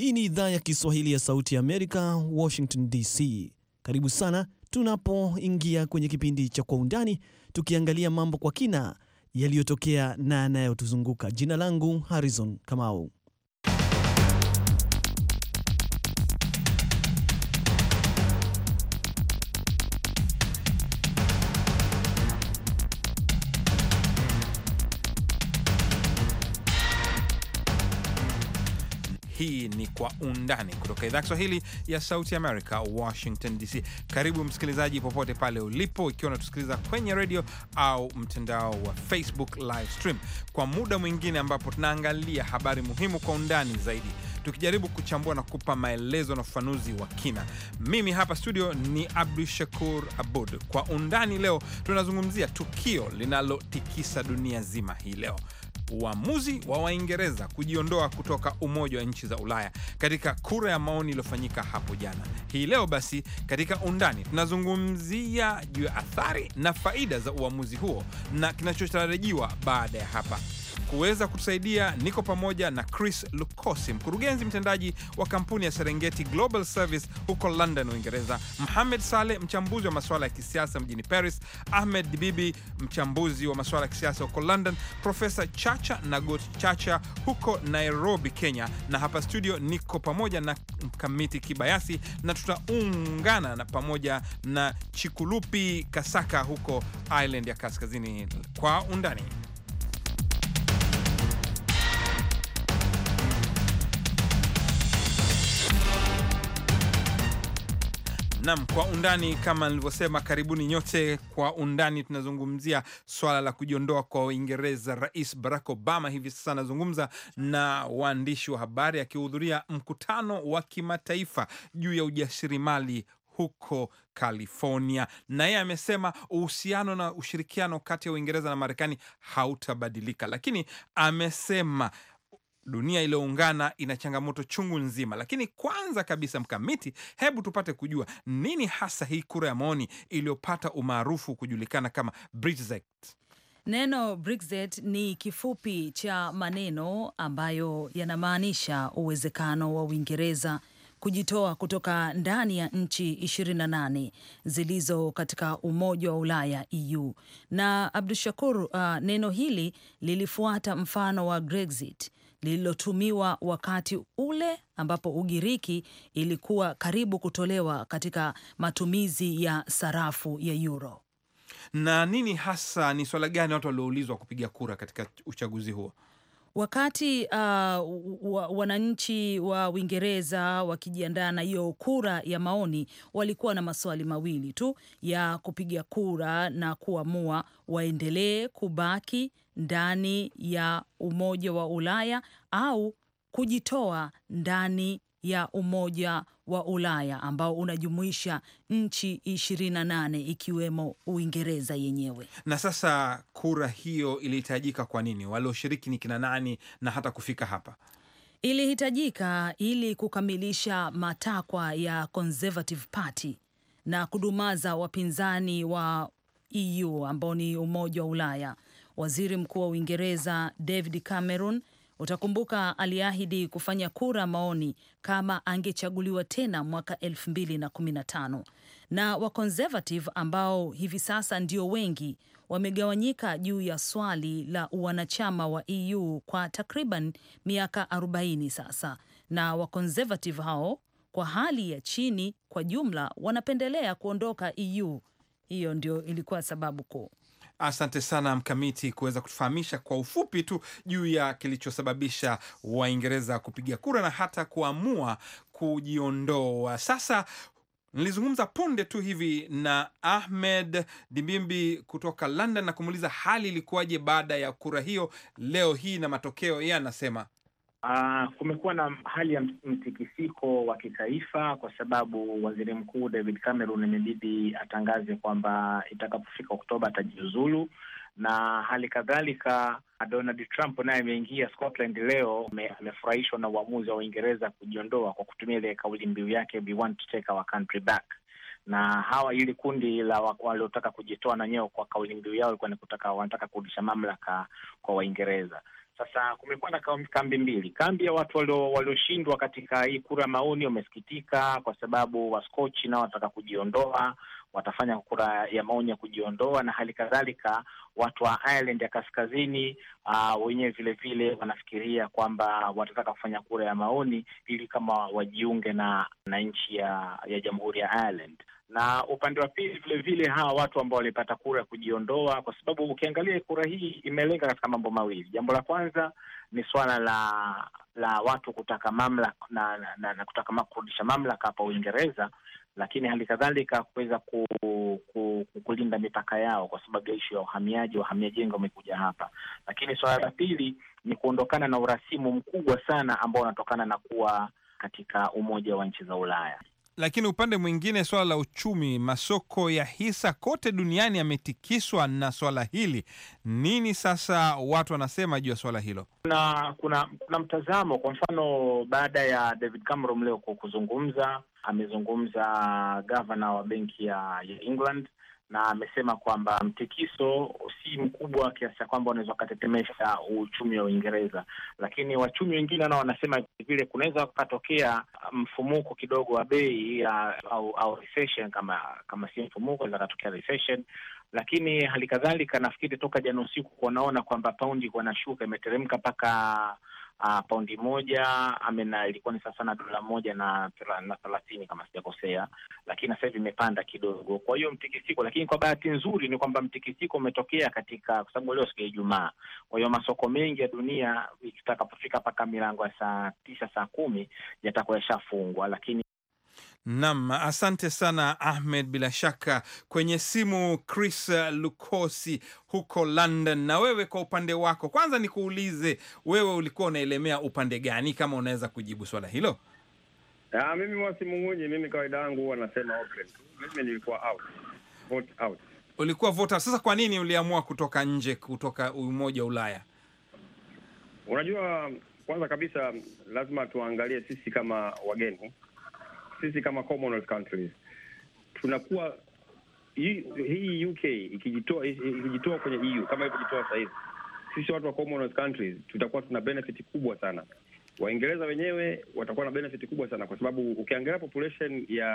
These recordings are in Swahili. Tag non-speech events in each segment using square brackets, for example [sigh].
Hii ni idhaa ya Kiswahili ya Sauti ya Amerika, Washington DC. Karibu sana tunapoingia kwenye kipindi cha Kwa Undani, tukiangalia mambo kwa kina yaliyotokea na yanayotuzunguka. Jina langu Harrison Kamau. Hii ni Kwa Undani kutoka idhaa Kiswahili ya Sauti America, Washington DC. Karibu msikilizaji, popote pale ulipo, ikiwa unatusikiliza kwenye redio au mtandao wa Facebook live stream, kwa muda mwingine ambapo tunaangalia habari muhimu kwa undani zaidi, tukijaribu kuchambua na kupa maelezo na ufafanuzi wa kina. Mimi hapa studio ni Abdu Shakur Abud. Kwa Undani leo tunazungumzia tukio linalotikisa dunia zima hii leo uamuzi wa Waingereza kujiondoa kutoka Umoja wa Nchi za Ulaya katika kura ya maoni iliyofanyika hapo jana. Hii leo basi, katika undani tunazungumzia juu ya athari na faida za uamuzi huo na kinachotarajiwa baada ya hapa. Kuweza kutusaidia niko pamoja na Chris Lukosi, mkurugenzi mtendaji wa kampuni ya Serengeti Global Service huko London, Uingereza, mhamed Saleh, mchambuzi wa masuala ya kisiasa mjini Paris, Ahmed Dibibi, mchambuzi wa masuala ya kisiasa huko London, Profesa Chacha Nagot Chacha huko Nairobi, Kenya, na hapa studio niko pamoja na Mkamiti Kibayasi na tutaungana na pamoja na Chikulupi Kasaka huko Ireland ya Kaskazini kwa undani. Nam kwa undani, kama nilivyosema, karibuni nyote. Kwa undani tunazungumzia swala la kujiondoa kwa Uingereza. Rais Barack Obama hivi sasa anazungumza na waandishi wa habari akihudhuria mkutano wa kimataifa juu ya ujasirimali huko California na yeye amesema uhusiano na ushirikiano kati ya Uingereza na Marekani hautabadilika, lakini amesema dunia iliyoungana ina changamoto chungu nzima. Lakini kwanza kabisa, Mkamiti, hebu tupate kujua nini hasa hii kura ya maoni iliyopata umaarufu kujulikana kama Brexit. Neno Brexit ni kifupi cha maneno ambayo yanamaanisha uwezekano wa Uingereza kujitoa kutoka ndani ya nchi 28 zilizo katika Umoja wa Ulaya EU. Na Abdu Shakur, uh, neno hili lilifuata mfano wa Grexit lililotumiwa wakati ule ambapo Ugiriki ilikuwa karibu kutolewa katika matumizi ya sarafu ya euro. Na nini hasa, ni swala gani watu walioulizwa kupiga kura katika uchaguzi huo? Wakati uh, wananchi wa Uingereza wakijiandaa na hiyo kura ya maoni, walikuwa na maswali mawili tu ya kupiga kura na kuamua waendelee kubaki ndani ya Umoja wa Ulaya au kujitoa ndani ya Umoja wa Ulaya ambao unajumuisha nchi 28 ikiwemo Uingereza yenyewe. Na sasa kura hiyo ilihitajika kwa nini? Walioshiriki ni kina nani na hata kufika hapa? Ilihitajika ili kukamilisha matakwa ya Conservative Party na kudumaza wapinzani wa EU ambao ni Umoja wa Ulaya. Waziri Mkuu wa Uingereza David Cameron, utakumbuka, aliahidi kufanya kura maoni kama angechaguliwa tena mwaka 2015 na wakonservative ambao hivi sasa ndio wengi wamegawanyika juu ya swali la uwanachama wa EU kwa takriban miaka 40 sasa, na wakonservative hao kwa hali ya chini kwa jumla wanapendelea kuondoka EU. Hiyo ndio ilikuwa sababu kuu. Asante sana Mkamiti kuweza kutufahamisha kwa ufupi tu juu ya kilichosababisha Waingereza kupiga kura na hata kuamua kujiondoa. Sasa nilizungumza punde tu hivi na Ahmed Dibimbi kutoka London na kumuuliza hali ilikuwaje baada ya kura hiyo leo hii na matokeo, yeye anasema Uh, kumekuwa na hali ya mtikisiko wa kitaifa kwa sababu waziri mkuu David Cameron imebidi atangaze kwamba itakapofika Oktoba atajiuzulu, na hali kadhalika Donald Trump naye ameingia Scotland leo, amefurahishwa na uamuzi wa Uingereza kujiondoa kwa kutumia ile kauli mbiu yake we want to take our country back na hawa ili kundi la waliotaka kujitoa na nyeo kwa kauli mbiu yao ilikuwa ni kutaka wanataka kurudisha mamlaka kwa Waingereza. Sasa kumekuwa na kambi mbili. Kambi ya watu walioshindwa katika hii kura ya maoni wamesikitika kwa sababu waskochi nao wanataka kujiondoa, watafanya kura ya maoni ya kujiondoa, na hali kadhalika watu wa Ireland ya kaskazini uh, wenyewe vile vile wanafikiria kwamba watataka kufanya kura ya maoni ili kama wajiunge na na nchi ya, ya jamhuri ya Ireland na upande wa pili vile vile hawa watu ambao walipata kura ya kujiondoa, kwa sababu ukiangalia kura hii imelenga katika mambo mawili. Jambo la kwanza ni swala la la watu kutaka mamlaka na, na, na, na kutaka kurudisha mamlaka hapa Uingereza, lakini hali kadhalika kuweza ku, ku, ku, kulinda mipaka yao kwa sababu ya ishu ya uhamiaji. Wahamiaji wengi wamekuja hapa, lakini swala la pili ni kuondokana na urasimu mkubwa sana ambao unatokana na kuwa katika umoja wa nchi za Ulaya. Lakini upande mwingine, swala la uchumi, masoko ya hisa kote duniani yametikiswa na swala hili. Nini sasa watu wanasema juu ya swala hilo? Kuna, kuna, kuna mtazamo. Kwa mfano, baada ya David Cameron leo kuzungumza, amezungumza gavana wa benki ya, ya England na amesema kwamba mtikiso si mkubwa kiasi cha kwamba unaweza ukatetemesha uchumi wa Uingereza, lakini wachumi wengine nao wanasema vile kunaweza ukatokea mfumuko kidogo wa bei au, au recession, kama kama si mfumuko unaweza katokea recession. Lakini hali kadhalika nafikiri toka jana usiku wanaona kwamba paundi wanashuka imeteremka mpaka uh, paundi moja amena ilikuwa ni sasa na dola moja na na thelathini kama sijakosea, lakini sasa hivi imepanda kidogo. Kwa hiyo mtikisiko, lakini kwa bahati nzuri ni kwamba mtikisiko umetokea katika, kwa sababu leo siku ya Ijumaa, kwa hiyo masoko mengi ya dunia itakapofika mpaka milango ya saa tisa saa kumi yatakuwa yashafungwa, lakini Nam, asante sana Ahmed. Bila shaka kwenye simu Chris Lukosi huko London. Na wewe kwa upande wako, kwanza nikuulize wewe, ulikuwa unaelemea upande gani, kama unaweza kujibu swala hilo? Ya, ah, mimi wasimung'unyi, mimi kawaida yangu huwa nasema open tu. Mimi nilikuwa out. Vote out. Ulikuwa vota. Sasa kwa nini uliamua kutoka nje kutoka Umoja wa Ulaya? Unajua, kwanza kabisa lazima tuangalie sisi kama wageni sisi kama Commonwealth countries tunakuwa hii UK ikijitoa ikijitoa kwenye EU kama ilivyojitoa sasa hivi, sisi watu wa Commonwealth countries tutakuwa tuna benefit kubwa sana. Waingereza wenyewe watakuwa na benefit kubwa sana, kwa sababu ukiangalia population ya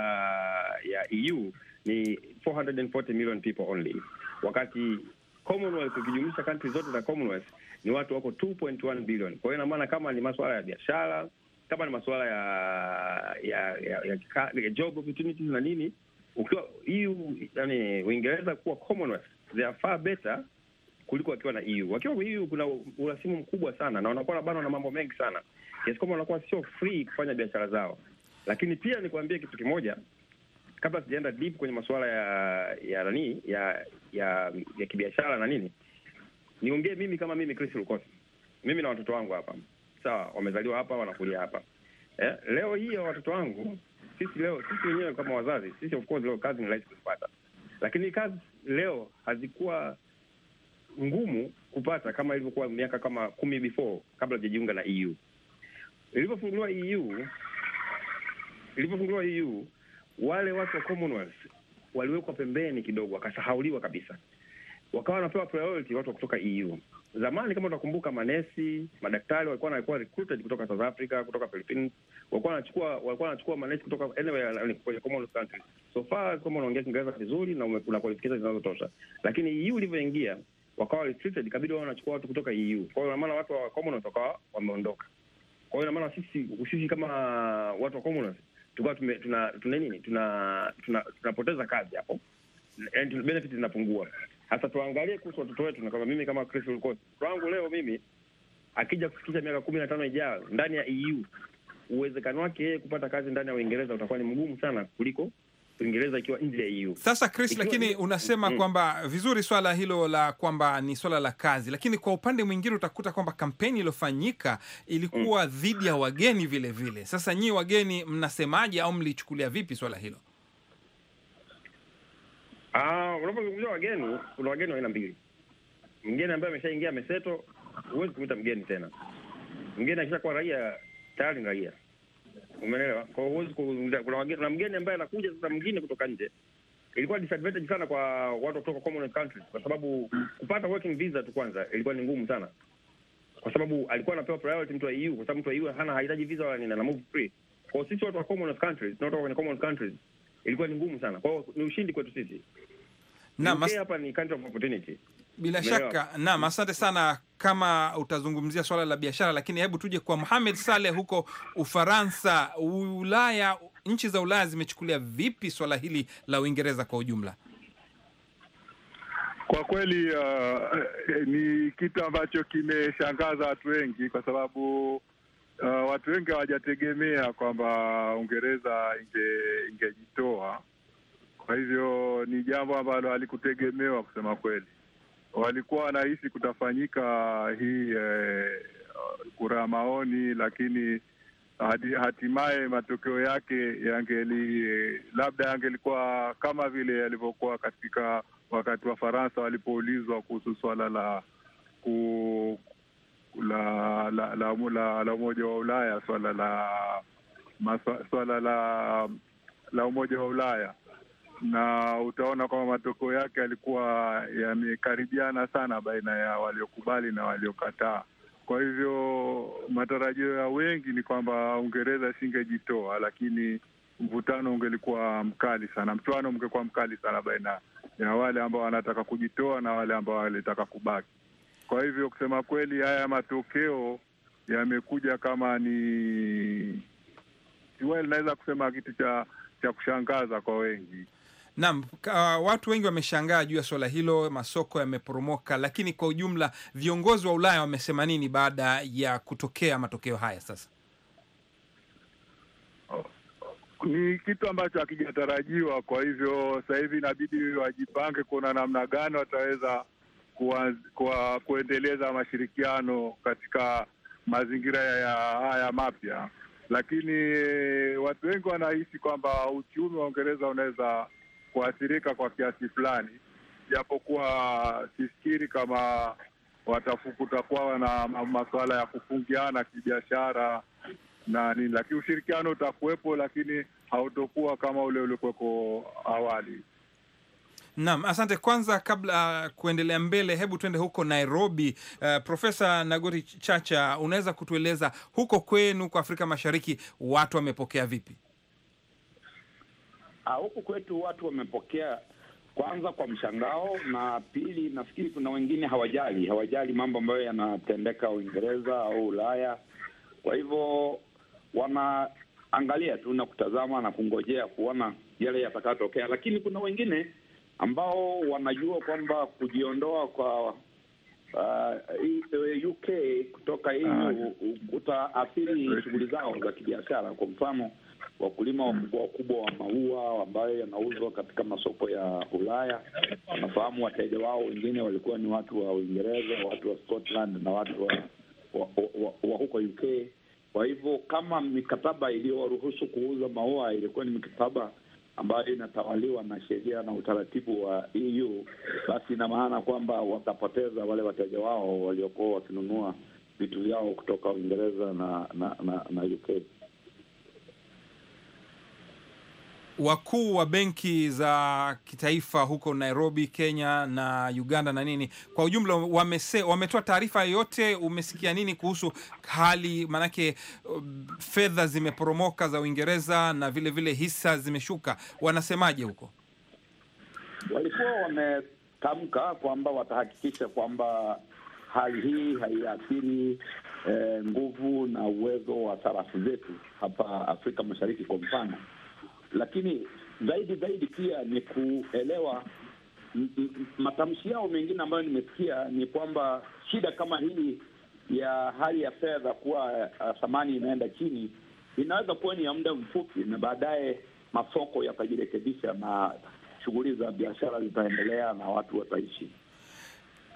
ya EU ni 440 million people only, wakati Commonwealth ukijumlisha countries zote za Commonwealth ni watu wako 2.1 billion. Kwa hiyo ina maana kama ni masuala ya biashara kama ni masuala ya ya, ya, ya, ya job opportunities na nini, ukiwa EU yani Uingereza kuwa Commonwealth they are far better kuliko wakiwa na EU. Wakiwa EU kuna urasimu mkubwa sana na wanakuwa bana na mambo mengi sana kiasi kwamba wanakuwa sio free kufanya biashara zao. Lakini pia nikuambie kitu kimoja, kabla sijaenda deep kwenye masuala ya ya nani ya ya, ya kibiashara na nini, niongee mimi kama mimi Chris Lukosi, mimi na watoto wangu hapa sawa, wamezaliwa hapa, wanakulia hapa eh. Leo hiyo watoto wangu sisi, leo sisi wenyewe kama wazazi sisi, of course, leo kazi ni rahisi kuzipata, lakini kazi leo hazikuwa ngumu kupata kama ilivyokuwa miaka kama kumi before, kabla hajajiunga na EU. Ilivyofunguliwa EU, ilivyofunguliwa EU, wale watu wa Commonwealth waliwekwa pembeni kidogo, wakasahauliwa kabisa, wakawa wanapewa priority watu wa kutoka EU. Zamani kama utakumbuka, manesi madaktari walikuwa walikuwa recruited kutoka South Africa, kutoka Philippines, walikuwa wanachukua walikuwa wanachukua manesi kutoka anywhere kwenye Commonwealth country. So far kama unaongea Kiingereza vizuri na una qualifications zinazotosha, lakini EU ilivyoingia wakawa restricted, ikabidi wao wanachukua watu kutoka EU. Kwa hiyo maana watu wa Commonwealth wakawa wameondoka. Kwa hiyo maana sisi sisi kama watu wa Commonwealth tulikuwa tuna tuna nini tunapoteza tuna, tuna, kazi hapo, and yaani benefit zinapungua. Sasa tuangalie kuhusu watoto wetu, na kama mimi kama Chris Lukosi wangu leo mimi akija kufikisha miaka kumi na tano ijayo ndani ya EU, uwezekano wake yeye kupata kazi ndani ya Uingereza utakuwa ni mgumu sana kuliko Uingereza ikiwa nje ya EU. Sasa Chris, ikiwa lakini unasema mm, kwamba vizuri swala hilo la kwamba ni swala la kazi, lakini kwa upande mwingine utakuta kwamba kampeni iliyofanyika ilikuwa mm, dhidi ya wageni vile vile. Sasa nyi wageni mnasemaje au mlichukulia vipi swala hilo? Ah, unapozungumzia wageni, kuna wageni wa aina mbili. Mgeni ambaye ameshaingia meseto, huwezi kumwita mgeni tena. Mgeni akishakuwa raia tayari ni raia, umeelewa? Kwa hiyo huwezi kuzungumzia. Kuna wageni, kuna mgeni ambaye anakuja sasa, mwingine kutoka nje. Ilikuwa disadvantage sana kwa watu kutoka common countries, kwa sababu kupata working visa tu kwanza ilikuwa ni ngumu sana, kwa sababu alikuwa anapewa priority mtu wa EU, kwa sababu mtu wa EU hana hahitaji visa wala nini, na move free. Kwa sisi watu wa common countries, tunatoka kwenye common countries, ilikuwa ni ngumu sana. Kwa hiyo ni ushindi kwetu sisi hapa ni country of opportunity. Bila shaka. Naam, asante sana kama utazungumzia swala la biashara, lakini hebu tuje kwa Mohamed Saleh huko Ufaransa. Ulaya, nchi za Ulaya zimechukulia vipi swala hili la Uingereza kwa ujumla? Kwa kweli uh, eh, ni kitu ambacho kimeshangaza watu wengi kwa sababu uh, watu wengi hawajategemea kwamba Uingereza ingejitoa inge kwa hivyo ni jambo ambalo halikutegemewa kusema kweli. Walikuwa wanahisi kutafanyika hii eh, kura ya maoni, lakini hatimaye matokeo yake yangeli labda yangelikuwa kama vile yalivyokuwa katika wakati wa Faransa walipoulizwa kuhusu swala la ku, la, la, la, la, la Umoja wa Ulaya swala la swala la la Umoja wa Ulaya na utaona kwamba matokeo yake yalikuwa yamekaribiana sana baina ya waliokubali na waliokataa. Kwa hivyo matarajio ya wengi ni kwamba Uingereza isingejitoa, lakini mvutano ungelikuwa mkali sana, mchuano ungekuwa mkali sana baina ya wale ambao wanataka kujitoa na wale ambao walitaka kubaki. Kwa hivyo kusema kweli, haya matokeo yamekuja kama ni, inaweza kusema kitu cha cha kushangaza kwa wengi, Naam, uh, watu wengi wameshangaa juu ya swala hilo, masoko yameporomoka, lakini kwa ujumla viongozi wa Ulaya wamesema nini baada ya kutokea matokeo haya sasa? Oh, ni kitu ambacho hakijatarajiwa. Kwa hivyo sasa hivi inabidi wajipange kuona namna gani wataweza kuwa, kuwa, kuendeleza mashirikiano katika mazingira ya haya mapya, lakini watu wengi wanahisi kwamba uchumi wa Uingereza unaweza kuathirika kwa kiasi fulani, japokuwa sifikiri kama kwao na masuala ya kufungiana kibiashara na nini, lakini ushirikiano utakuwepo, lakini hautokuwa kama ule uliokuweko awali. Naam, asante. Kwanza kabla uh, kuendelea mbele, hebu tuende huko Nairobi. Uh, Profesa Nagori Chacha, unaweza kutueleza huko kwenu kwa Afrika Mashariki watu wamepokea vipi? Ah, huku kwetu watu wamepokea kwanza kwa mshangao, na pili, nafikiri kuna wengine hawajali, hawajali mambo ambayo yanatendeka Uingereza au Ulaya. Kwa hivyo wanaangalia tu na kutazama na kungojea kuona yale yatakayotokea, lakini kuna wengine ambao wanajua kwamba kujiondoa kwa uh, ah, UK kutoka EU ah. kutaathiri shughuli zao za kibiashara. Kwa mfano wakulima wakubwa wakubwa wa maua ambayo yanauzwa katika masoko ya Ulaya wanafahamu wateja wao wengine walikuwa ni watu wa Uingereza, watu wa Scotland na watu wa, wa, wa, wa huko UK. Kwa hivyo kama mikataba iliyowaruhusu kuuza maua ilikuwa ni mikataba ambayo inatawaliwa na sheria na utaratibu wa EU, basi ina maana kwamba watapoteza wale wateja wao waliokuwa wakinunua vitu vyao kutoka Uingereza na, na, na, na UK. wakuu wa benki za kitaifa huko Nairobi, Kenya na Uganda na nini kwa ujumla wamese, wametoa taarifa yoyote? Umesikia nini kuhusu hali? Maanake uh, fedha zimeporomoka za Uingereza na vile vile hisa zimeshuka, wanasemaje huko? Walikuwa wametamka kwamba watahakikisha kwamba hali hii haiathiri eh, nguvu na uwezo wa sarafu zetu hapa Afrika Mashariki kwa mfano lakini zaidi zaidi pia ni kuelewa matamshi yao mengine ambayo nimesikia ni kwamba shida kama hili ya hali ya fedha kuwa uh, thamani inaenda chini inaweza kuwa ni ya muda mfupi, na baadaye masoko yatajirekebisha na shughuli za biashara zitaendelea na watu wataishi.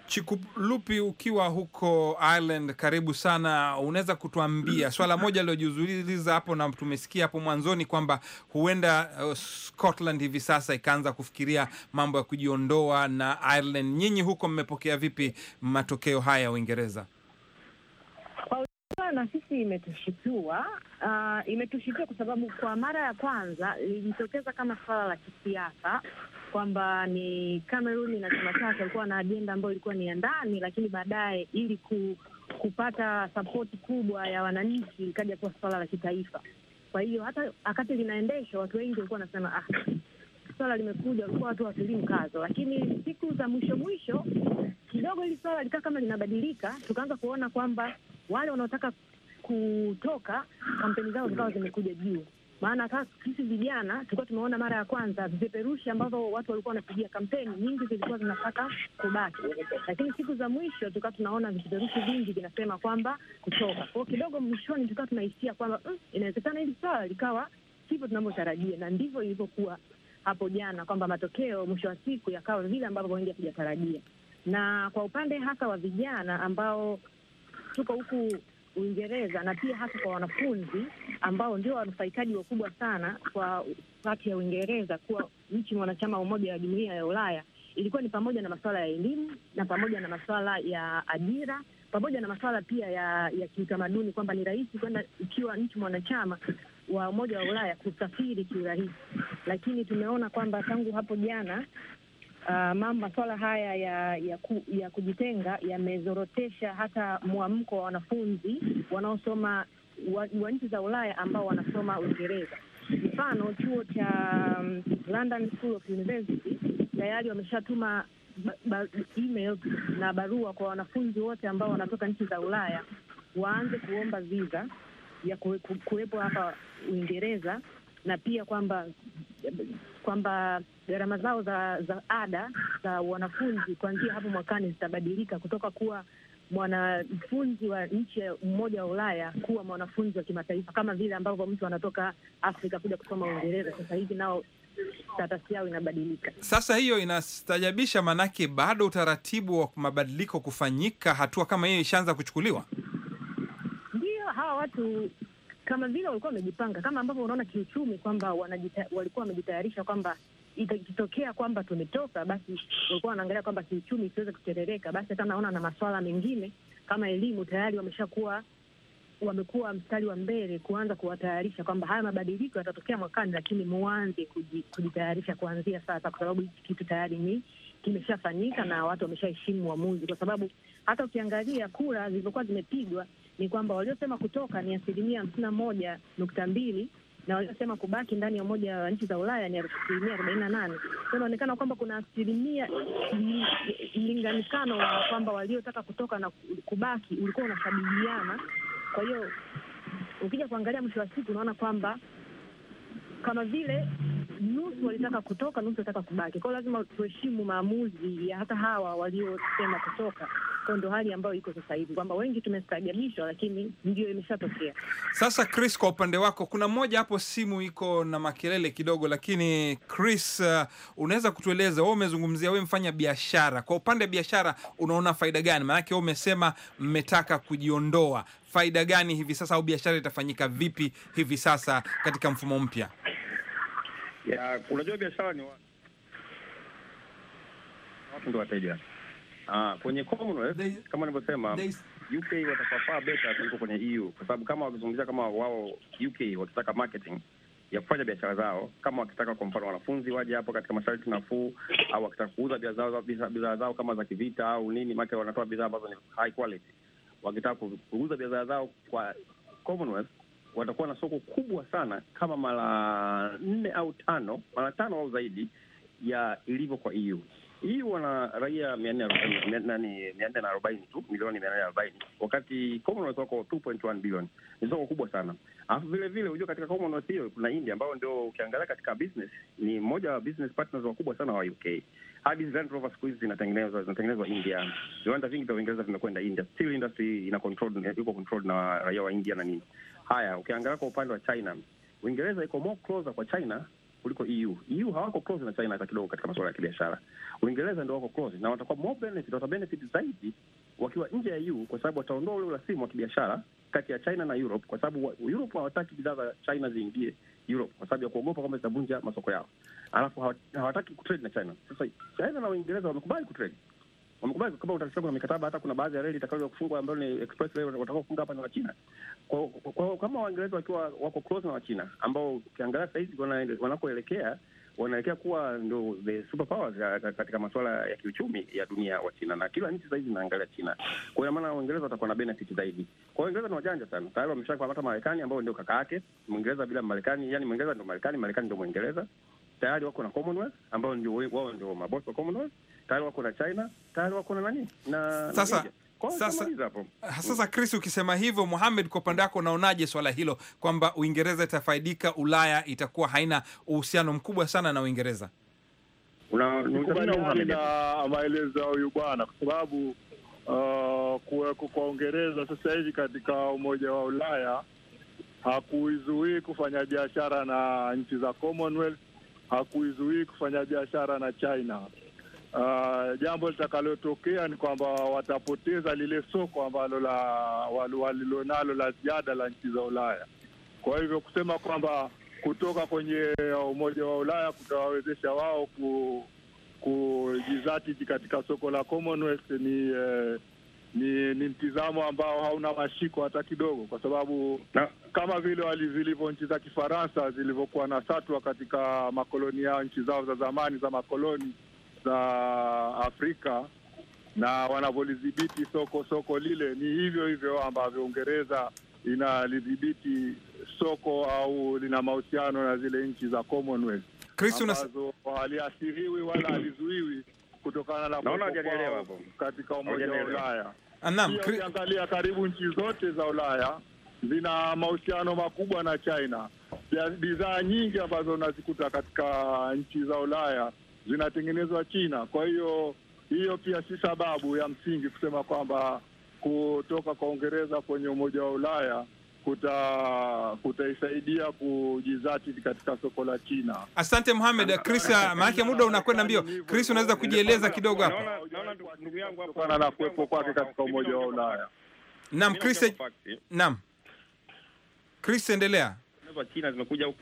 Chikulupi, ukiwa huko Ireland, karibu sana. Unaweza kutuambia [clears throat] swala moja lilojizuliza hapo, na tumesikia hapo mwanzoni kwamba huenda uh, Scotland hivi sasa ikaanza kufikiria mambo ya kujiondoa na Ireland. Nyinyi huko mmepokea vipi matokeo haya ya Uingereza? Na sisi imetushitua, uh, imetushitua kwa sababu kwa mara ya kwanza lilijitokeza kama swala la kisiasa kwamba ni Cameroon na chama chake alikuwa na ajenda ambayo ilikuwa ni ya ndani, lakini baadaye ili ku, kupata sapoti kubwa ya wananchi ikaja kuwa swala la kitaifa. Kwa hiyo hata wakati linaendeshwa watu wengi walikuwa wanasema ah, swala limekuja, walikuwa watu watilii mkazo, lakini siku za mwisho mwisho kidogo hili swala likaa kama linabadilika, tukaanza kuona kwamba wale wanaotaka kutoka kampeni zao zikawa zimekuja juu maana hata sisi vijana tulikuwa tumeona mara ya kwanza vipeperushi ambavyo watu walikuwa wanapigia kampeni nyingi zilikuwa zinataka kubaki, lakini siku za mwisho tukawa tunaona vipeperushi vingi vinasema kwamba kutoka kwao kidogo. Mwishoni tukawa tunahisia kwamba mm, inawezekana hili swala likawa sivyo tunavyotarajia, na ndivyo ilivyokuwa hapo jana, kwamba matokeo mwisho wa siku yakawa vile ambavyo wengi hatujatarajia. Na kwa upande hasa wa vijana ambao tuko huku Uingereza na pia hasa kwa wanafunzi ambao ndio wanufaikaji wakubwa sana kwa kati ya Uingereza kuwa nchi mwanachama wa Umoja wa Jumuiya ya Ulaya, ilikuwa ni pamoja na masuala ya elimu na pamoja na masuala ya ajira pamoja na masuala pia ya, ya kiutamaduni kwamba ni rahisi kwenda ikiwa nchi mwanachama wa Umoja wa Ulaya kusafiri kiurahisi, lakini tumeona kwamba tangu hapo jana uh, ah, masuala haya ya ya, ku, ya kujitenga yamezorotesha hata mwamko wa wanafunzi wanaosoma wa, wa nchi za Ulaya ambao wanasoma Uingereza. Mfano, chuo cha um, London School of University tayari wameshatuma email na barua kwa wanafunzi wote ambao wanatoka nchi za Ulaya waanze kuomba visa ya kuwepo hapa Uingereza na pia kwamba kwamba gharama zao za, za ada za wanafunzi kuanzia hapo mwakani zitabadilika kutoka kuwa mwanafunzi wa nchi ya mmoja wa Ulaya kuwa mwanafunzi wa kimataifa, kama vile ambavyo mtu anatoka Afrika kuja kusoma Uingereza. Sasa hivi nao status yao inabadilika. Sasa hiyo inastajabisha, maanake bado utaratibu wa mabadiliko kufanyika, hatua kama hiyo ishaanza kuchukuliwa. ndio hawa watu kama vile walikuwa wamejipanga, kama ambavyo unaona kiuchumi kwamba walikuwa wamejitayarisha kwamba ikitokea kwamba tumetoka, basi walikuwa wanaangalia kwamba kiuchumi isiweze kuterereka. Basi hata naona na masuala mengine kama elimu tayari wameshakuwa wamekuwa mstari wa mbele kuanza kuwatayarisha kwamba haya mabadiliko yatatokea mwakani, lakini muanze kujitayarisha kuanzia sasa, kwa sababu hiki kitu tayari ni kimeshafanyika na watu wameshaheshimu uamuzi, kwa sababu hata ukiangalia kura zilizokuwa zimepigwa ni kwamba waliosema kutoka ni asilimia hamsini na moja nukta mbili na waliosema kubaki ndani ya Umoja wa Nchi za Ulaya ni asilimia arobaini na nane. Kwa inaonekana kwamba kuna asilimia mlinganikano wa kwamba waliotaka kutoka na kubaki ulikuwa unakabiliana. Kwa hiyo ukija kuangalia mwisho wa siku unaona kwamba kama vile nusu walitaka kutoka, nusu walitaka kubaki. Kwa hiyo lazima tuheshimu maamuzi ya hata hawa waliosema kutoka. Kwa ndo hali ambayo iko sasa hivi kwamba wengi tumestaajabishwa, lakini ndio imeshatokea. Sasa Chris, kwa upande wako, kuna mmoja hapo simu iko na makelele kidogo, lakini Chris, uh, unaweza kutueleza wewe, umezungumzia wewe mfanya biashara, kwa upande wa biashara unaona faida gani? Maanake wewe umesema mmetaka kujiondoa, faida gani hivi sasa, au biashara itafanyika vipi hivi sasa katika mfumo mpya? Unajua biashara ni watu ndio wateja Ah, kwenye Commonwealth they, kama nilivyosema UK watakuwa far better kuliko kwenye EU kwa sababu kama wakizungumzia kama wao UK wakitaka marketing ya kufanya biashara zao, kama wakitaka kwa mfano wanafunzi waje hapo katika masharti nafuu, au wakitaka kuuza bidhaa zao, zao kama za kivita au nini, maana wanatoa bidhaa ambazo ni high quality. Wakitaka kuuza bidhaa zao kwa Commonwealth watakuwa na soko kubwa sana kama mara nne au tano, mara tano au zaidi ya ilivyo kwa EU hii wana raia mia nne na arobaini tu milioni mia nne arobaini wakati Commonwealth wako 2.1 bilioni. Ni soko kubwa sana, alafu vile vile hujua katika Commonwealth hiyo kuna India ambayo ndio ukiangalia katika business ni mmoja wa business partners wakubwa sana wa UK. Hadi Land Rover siku hizi zinatengenezwa zinatengenezwa India, viwanda vingi vya Uingereza vimekwenda India. Steel industry ina controlled, iko controlled na raia wa India na nini. Haya, ukiangalia kwa upande wa China, Uingereza iko more closer kwa China kuliko EU. EU hawako close na China hata kidogo katika masuala ya kibiashara. Uingereza ndio wako close na watakuwa more benefit, wata benefit zaidi wakiwa nje ya EU kwa sababu wataondoa ule urasimu wa kibiashara kati ya China na Europe kwa sababu Europe hawataki bidhaa za China ziingie Europe kwa sababu ya kuogopa kwamba zitavunja masoko yao, alafu hawataki kutrade na China. Sasa China na Uingereza wamekubali kutrade wamekubali kama utasikia kuna mikataba, hata kuna baadhi ya reli itakayo kufungwa ambayo ni express rail watakao kufunga hapa na Wachina. Kwa, kwa kama Waingereza wakiwa wako close na Wachina ambao ukiangalia sasa hivi wanakoelekea wanaelekea kuwa ndo the super katika masuala ya kiuchumi ya dunia wa China, na kila nchi sahizi inaangalia China. Kwa hiyo maana Waingereza watakuwa na benefit zaidi. Kwa hiyo Waingereza ni wajanja sana, tayari wameshapata Marekani ambao ndio kaka yake Mwingereza bila Marekani, yani Mwingereza ndo Marekani, Marekani ndo Mwingereza. Tayari wako na Commonwealth ambao ndio wao ndio mabosi wa Commonwealth tayari wako na China, tayari wako na nani na sasa na sasa, sasa Chris, ukisema hivyo, Mohamed, kwa upande wako unaonaje swala hilo kwamba Uingereza itafaidika, Ulaya itakuwa haina uhusiano mkubwa sana na Uingereza? Una maelezo huyu bwana kwa sababu uh, kuweko kwa Uingereza sasa hivi katika Umoja wa Ulaya hakuizuii kufanya biashara na nchi za Commonwealth, hakuizuii kufanya biashara na China Uh, jambo litakalotokea ni kwamba watapoteza lile soko ambalo la walilonalo la ziada la nchi za Ulaya. Kwa hivyo kusema kwamba kutoka kwenye Umoja wa Ulaya kutawawezesha wao ku, kujizatiti katika soko la Commonwealth ni eh, ni ni mtizamo ambao hauna mashiko hata kidogo, kwa sababu na, kama vile zilivyo nchi za Kifaransa zilivyokuwa na satwa katika makoloni yao, nchi zao za zamani za makoloni za Afrika na wanavyolidhibiti soko soko lile ni hivyo hivyo ambavyo Uingereza inalidhibiti soko au lina mahusiano na zile nchi za Commonwealth ambazo haliathiriwi wala halizuiwi kutokana na katika Umoja wa Ulaya. Ah, ukiangalia karibu nchi zote za Ulaya zina mahusiano makubwa na China. Bidhaa nyingi ambazo unazikuta katika nchi za Ulaya zinatengenezwa China. Kwa hiyo hiyo pia si sababu ya msingi kusema kwamba kutoka kwa Uingereza kwenye Umoja wa Ulaya kuta kutaisaidia kujizati katika soko la China. Asante Mohamed Chris, maanake muda unakwenda mbio. Chris, unaweza kujieleza kidogo hapa? Ndugu yangu na kuwepo kwake katika Umoja wa Ulaya. Naam Chris, naam Chris, endelea. China zimekuja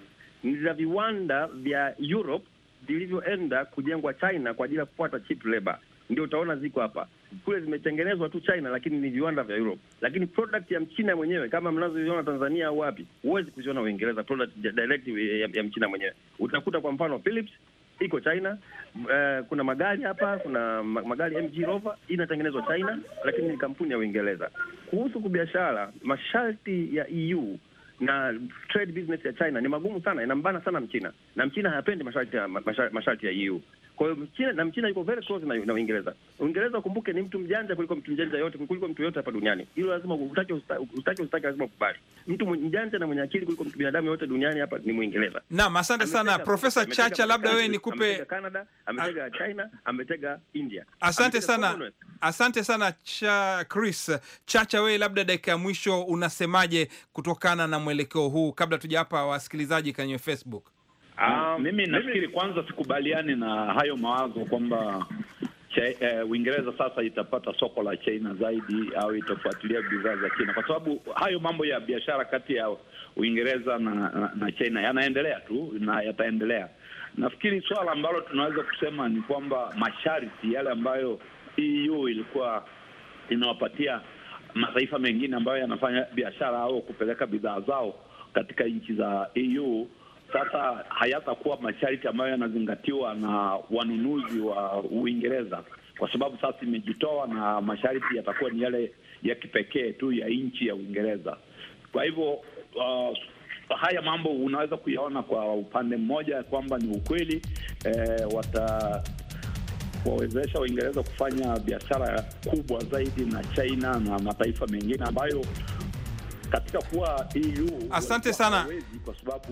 ni za viwanda vya Europe zilivyoenda kujengwa China kwa ajili ya kufuata cheap labor, ndio utaona ziko hapa. Kule zimetengenezwa tu China, lakini ni viwanda vya Europe. Lakini product ya mchina mwenyewe kama mnazoiona Tanzania au wapi, huwezi kuziona Uingereza, product direct ya, ya mchina mwenyewe. Utakuta kwa mfano Philips iko China. Uh, kuna magari hapa, kuna magari MG Rover inatengenezwa China, lakini ni kampuni ya Uingereza. Kuhusu biashara, masharti ya EU na trade business ya China ni magumu sana, inambana sana Mchina na Mchina hayapendi masharti ya, masharti ya EU. Kwa hiyo Mchina na Mchina yuko very close na na Uingereza. Uingereza ukumbuke, ni mtu mjanja kuliko mtu mjanja yote kuliko mtu yote hapa duniani. Hilo lazima utake utake utake, lazima ukubali. Mtu mjanja na mwenye akili kuliko mtu binadamu yote duniani hapa ni Muingereza. Naam, asante sana Profesa Chacha, labda wewe nikupe Canada, ametega ah, China, ametega India. Asante sana, asante sana cha Chris Chacha, wewe labda dakika ya mwisho unasemaje kutokana na mwelekeo huu, kabla tujawapa wasikilizaji kwenye Facebook? Um, mimi nafikiri kwanza sikubaliani na hayo mawazo kwamba eh, Uingereza sasa itapata soko la China zaidi au itafuatilia bidhaa za China, kwa sababu hayo mambo ya biashara kati ya Uingereza na, na, na China yanaendelea tu na yataendelea. Nafikiri swala ambalo tunaweza kusema ni kwamba masharti yale ambayo EU ilikuwa inawapatia mataifa mengine ambayo yanafanya biashara au kupeleka bidhaa zao katika nchi za EU sasa hayatakuwa masharti ambayo yanazingatiwa na wanunuzi wa Uingereza kwa sababu sasa imejitoa na masharti yatakuwa ni yale ya kipekee tu ya nchi ya Uingereza. Kwa hivyo uh, haya mambo unaweza kuyaona kwa upande mmoja kwamba ni ukweli eh, wata wawezesha Uingereza kufanya biashara kubwa zaidi na China na mataifa mengine ambayo katika kuwa EU. Asante sana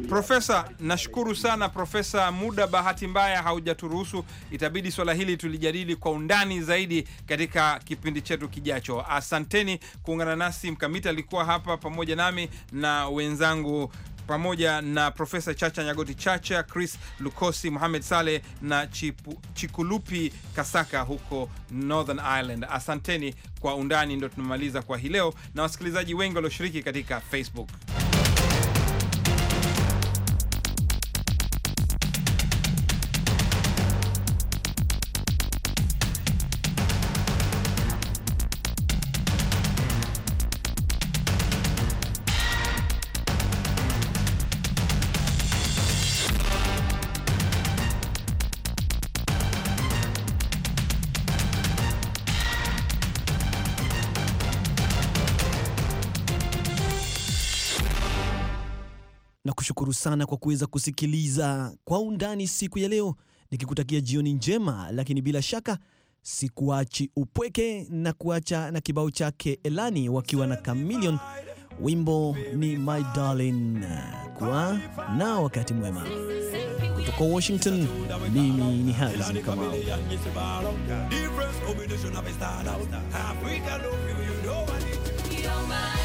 Profesa, nashukuru sana Profesa. Muda bahati mbaya haujaturuhusu, itabidi swala hili tulijadili kwa undani zaidi katika kipindi chetu kijacho. Asanteni kuungana nasi. Mkamiti alikuwa hapa pamoja nami na wenzangu pamoja na Profesa Chacha Nyagoti Chacha, Chris Lukosi, Mohamed Saleh na Chipu, Chikulupi Kasaka huko Northern Ireland. Asanteni kwa undani, ndo tunamaliza kwa hii leo na wasikilizaji wengi walioshiriki katika Facebook. sana kwa kuweza kusikiliza kwa undani siku ya leo, nikikutakia jioni njema, lakini bila shaka sikuachi upweke na kuacha na kibao chake Elani wakiwa na Chameleone. Wimbo ni My Darling. Kwa na wakati mwema kutoka Washington, mimi ni Harrison Kamau.